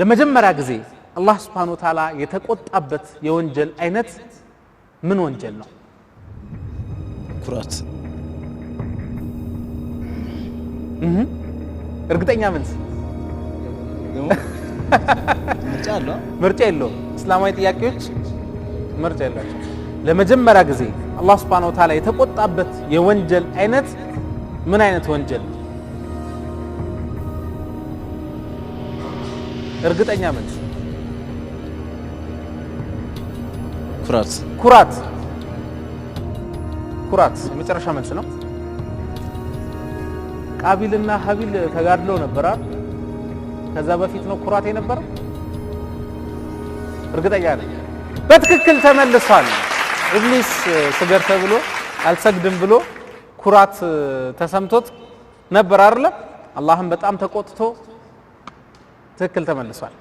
ለመጀመሪያ ጊዜ አላህ ስብሓነ ወተዓላ የተቆጣበት የወንጀል አይነት ምን ወንጀል ነው? ኩራት። እርግጠኛ መልስ ምርጫ የለው። እስላማዊ ጥያቄዎች ምርጫ የላቸው። ለመጀመሪያ ጊዜ አላህ ስብሓነ ወተዓላ የተቆጣበት የወንጀል አይነት ምን አይነት ወንጀል ነው? እርግጠኛ ምንጭ ኩራት ኩራት ኩራት የመጨረሻ መልስ ነው። ቃቢልና ሀቢል ተጋድለው ነበር። ከዛ በፊት ነው ኩራት የነበረው። እርግጠኛ ነኝ። በትክክል ተመልሷል። እብሊስ ስገር ተብሎ አልሰግድም ብሎ ኩራት ተሰምቶት ነበር አይደለም። አላህም በጣም ተቆጥቶ ትክክል ተመልሷል።